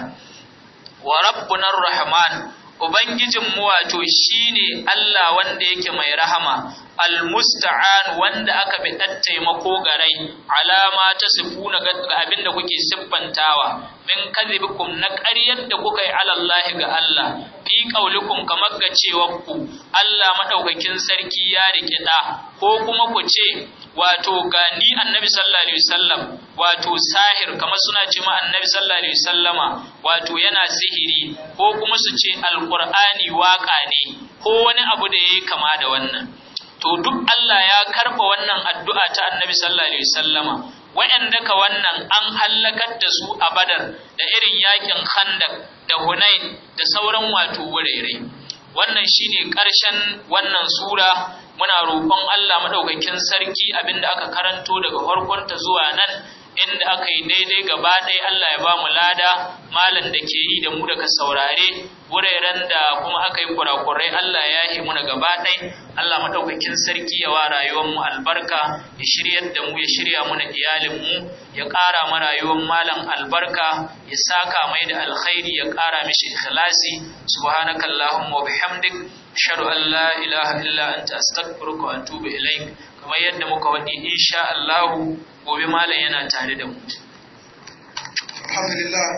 wa rabbuna rahman ubangijin mu wato shine Allah wanda yake mai rahama almusta'an wanda aka bi dan ga garai alama ta sifuna ga abinda kuke siffantawa min kadhibikum na ƙaryar da kuka yi alallahi ga Allah fi qaulukum kamar ga cewarku, Allah maɗaukakin sarki ya rikiɗa, da ko kuma ku ce wato ga ni annabi sallallahu alaihi wasallam wato sahir kamar suna ce ma annabi sallallahu alaihi wasallama wato yana sihiri ko kuma su ce alqur'ani waka ne ko wani abu da yayi kama da wannan to duk Allah ya karba wannan addu'a ta annabi sallallahu alaihi wasallama waɗanda ka wannan an hallakar da su a badar da irin yakin khandak da hunain da sauran wato wurare wannan shine ƙarshen wannan sura muna roƙon Allah maɗaukakin sarki abinda aka karanto daga farkon ta zuwa nan inda aka yi daidai gaba ɗaya Allah ya ba mu lada malam da ke yi da mu daga saurare wuraren da kuma aka yi kurakurai Allah ya yi mu gaba ɗaya Allah madaukakin sarki ya wa rayuwar mu albarka ya shiryar da mu ya shirya mu iyalin mu ya ƙara mu rayuwar malam albarka ya saka mai da alkhairi ya ƙara mishi ikhlasi subhanakallahumma wa bihamdik ashhadu an la ilaha illa anta astaghfiruka wa atubu ilaik kamar yadda muka waɗi insha Allah gobe malam yana tare da mu alhamdulillah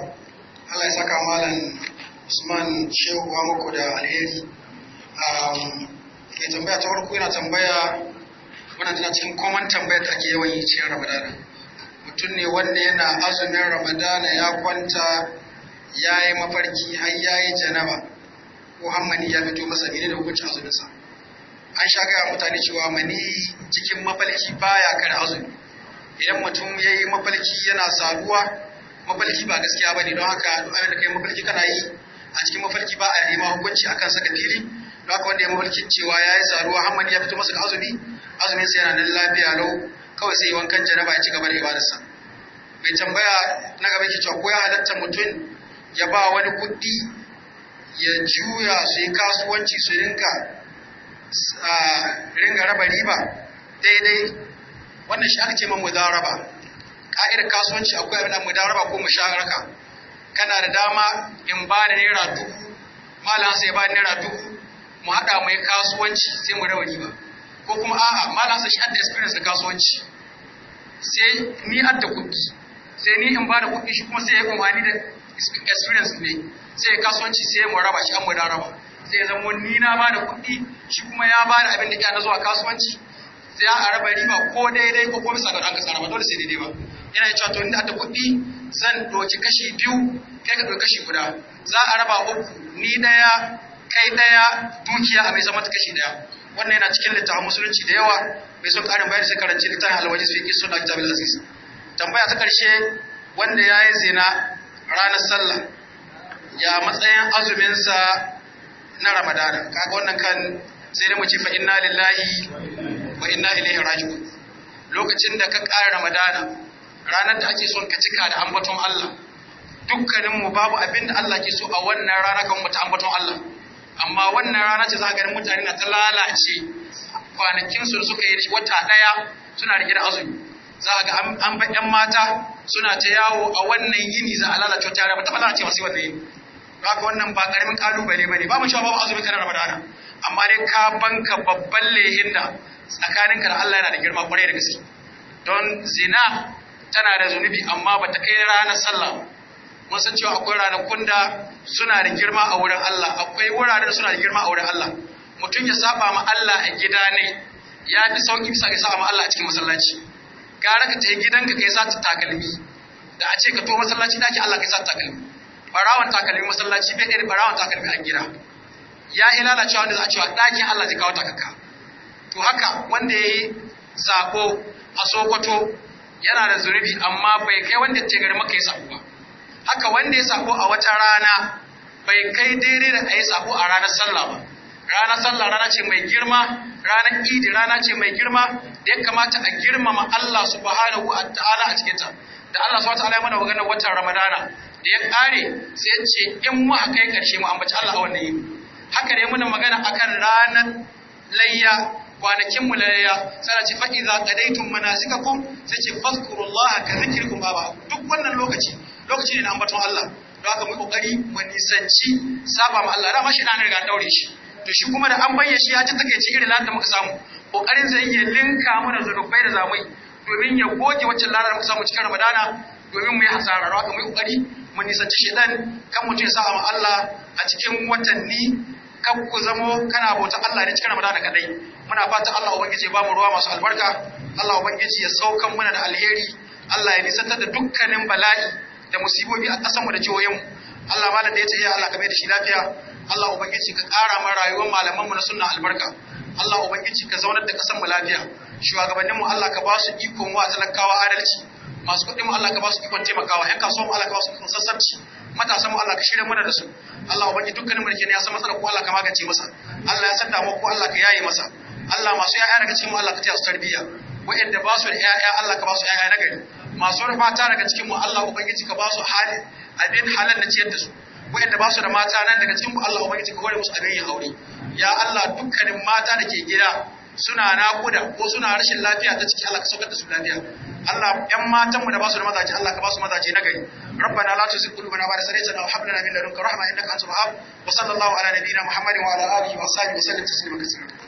Allah ya saka malam Usman Shehu wa muku da alheri ke um, tambaya ta farko yana tambaya wannan tana cikin koman tambayar da ake yawan yi cikin Ramadan. mutum ne wanda yana azumin Ramadan ya kwanta ya mafarki har yayi janaba ko hammani ya fito masa ne da hukuncin azuminsa an sha gaya mutane cewa mani cikin mafalki baya kan azumi idan mutum ya yi mafalki yana saruwa mafalki ba gaskiya ba ne don haka abin da kai mafalki kana yi a cikin mafalki ba a nema hukunci akan saka fili don haka wanda ya mafalki cewa ya yi saruwa hamman ya fito masa da azumi azumin sa yana nan lafiya lau kawai sai wankan janaba ya ci gaba da ibadarsa mai tambaya na gaba ke cewa ko ya halatta mutum ya ba wani kuɗi ya juya su yi kasuwanci su rinka ringa raba riba daidai wannan shi aka ce man mudaraba ka'idar kasuwanci akwai abin da mudaraba ko musharaka kana da dama in ba da naira dubu malam sai ba da naira dubu mu haɗa yi kasuwanci sai mu raba riba ko kuma a'a malam sai shi adda experience da kasuwanci sai ni hadda kuɗi sai ni in ba da kuɗi shi kuma sai ya kuma ni da experience ne sai kasuwanci sai mu raba shi an mudaraba zai zama ni na ba da kuɗi shi kuma ya ba da abin da ya na zuwa kasuwanci zai a raba riba ko daidai ko kuma bisa an aka tsara ba dole sai daidai ba yana cewa to ni da kuɗi zan doki kashi biyu kai ka doki kashi guda za a raba uku ni daya kai daya dukiya a mai zama ta kashi daya wannan yana cikin littafin musulunci da yawa mai son karin bayani sai karanci littafin alwajis su kisun da kitabul aziz tambaya ta karshe wanda yayi zina ranar sallah ya matsayin azumin sa na ramadana kaga wannan kan sai dai mu ce fa inna lillahi wa inna ilaihi raji'un lokacin da ka ƙara ramadana ranar da ake son ka cika da ambaton Allah dukkanin mu babu abin da Allah ke so a wannan rana kan mu ta ambaton Allah amma wannan rana ce za ka ga mutane na ta lalace kwanakin su suka yi wata daya suna rike da azumi za ka ga an ba mata suna ta yawo a wannan yini za a lalace ta rana ba ta lalace ba sai wannan yini haka wannan ba ƙalubale ba ne. ba mu sha babu azumi kana ramadana amma dai ka banka babban lehin da ka da Allah yana da girma kwarai da gaske don zina tana da zunubi amma ba ta kai ranar sallah mun san cewa akwai ranakun da suna da girma a wurin Allah akwai wuraren suna da girma a wurin Allah mutum ya saba ma Allah a gida ne ya fi sauki bisa ga saba ma Allah a cikin masallaci gara ka gidan gidanka kai sa takalmi da a ce ka to masallaci daki Allah kai sa takalmi barawan takalmi masallaci bai ɗaya da barawan takalmi an gida ya yi lalacewa wanda za a cewa dakin Allah zai kawo takaka to haka wanda ya yi zaɓo a sokoto yana da zurfi amma bai kai wanda ya gari maka ya sabo ba haka wanda ya sabo a wata rana bai kai daidai da a yi sabo a ranar sallah ba ranar sallah rana ce mai girma ranar idi rana ce mai girma da ya kamata a girmama Allah subhanahu wa ta'ala a cikin ta. da Allah subhanahu wataala ya mana maganar watan Ramadana da ya kare sai ya ce in mu haka ya karshe mu ambaci Allah a wannan yini haka ne muna magana akan ranar layya kwanakin mu layya sai ce fa idza qadaytum manasikakum sai ce fadhkurullaha ka zikrikum baba duk wannan lokaci lokaci ne na ambaton Allah don haka mu kokari mu nisanci saba ma Allah dama shi na riga daure shi to shi kuma da an bayyana shi ya ci takeici irin da muka samu kokarin zai yi linka mana zurfai da zamai domin ya goge waccan lanar mu samu cikin ramadana domin mu yi hasara mu yi kokari mu nisanci shedan kan mutum ya sa'a Allah a cikin watanni kan ku zamo kana bauta Allah ne cikin ramadana kadai muna fata Allah ubangiji ba mu ruwa masu albarka Allah ubangiji ya saukan mana da alheri Allah ya nisantar da dukkanin bala'i da musibobi a ƙasar mu da jihohin mu Allah malam da ya ya Allah ka mai da shi lafiya Allah ubangiji ka ƙara mana rayuwar malaman mu na sunna albarka Allah ubangiji ka zaunar da ƙasar mu lafiya shugabanninmu Allah ka ba su ikon wa talakawa adalci masu kuɗin mu Allah ka ba su ikon taimakawa ‘yan kasuwa mu Allah ka ba su ikon sassabci matasan mu Allah ka shirya mana da su Allah ubangi dukkanin mulki ne ya san matsalar ko Allah ka magance masa Allah ya san damuwa ko Allah ka yaye masa Allah masu ƴaƴa daga cikin mu Allah ka taya su tarbiyya wa'anda ba su da ƴaƴa Allah ka ba su ƴaƴa na gari masu rufata daga cikin mu Allah ubangiji ka ba su hali abin halal na ciyar da su wa'anda ba su da mata nan daga cikin mu Allah ubangiji ka hore musu abin yin aure ya Allah dukkanin mata da ke gida suna naƙuda ko suna rashin lafiya ta ciki Allah ka saukar da su lafiya Allah ƴan matan mu da ba su da mazaje Allah ka ba su mazaje na gari rabbana la tusil qulubana ba'da idh wa hablana min ladunka rahma innaka antal wahhab wa sallallahu ala nabiyyina muhammadin wa ala alihi wa sahbihi wa sallam taslima katsira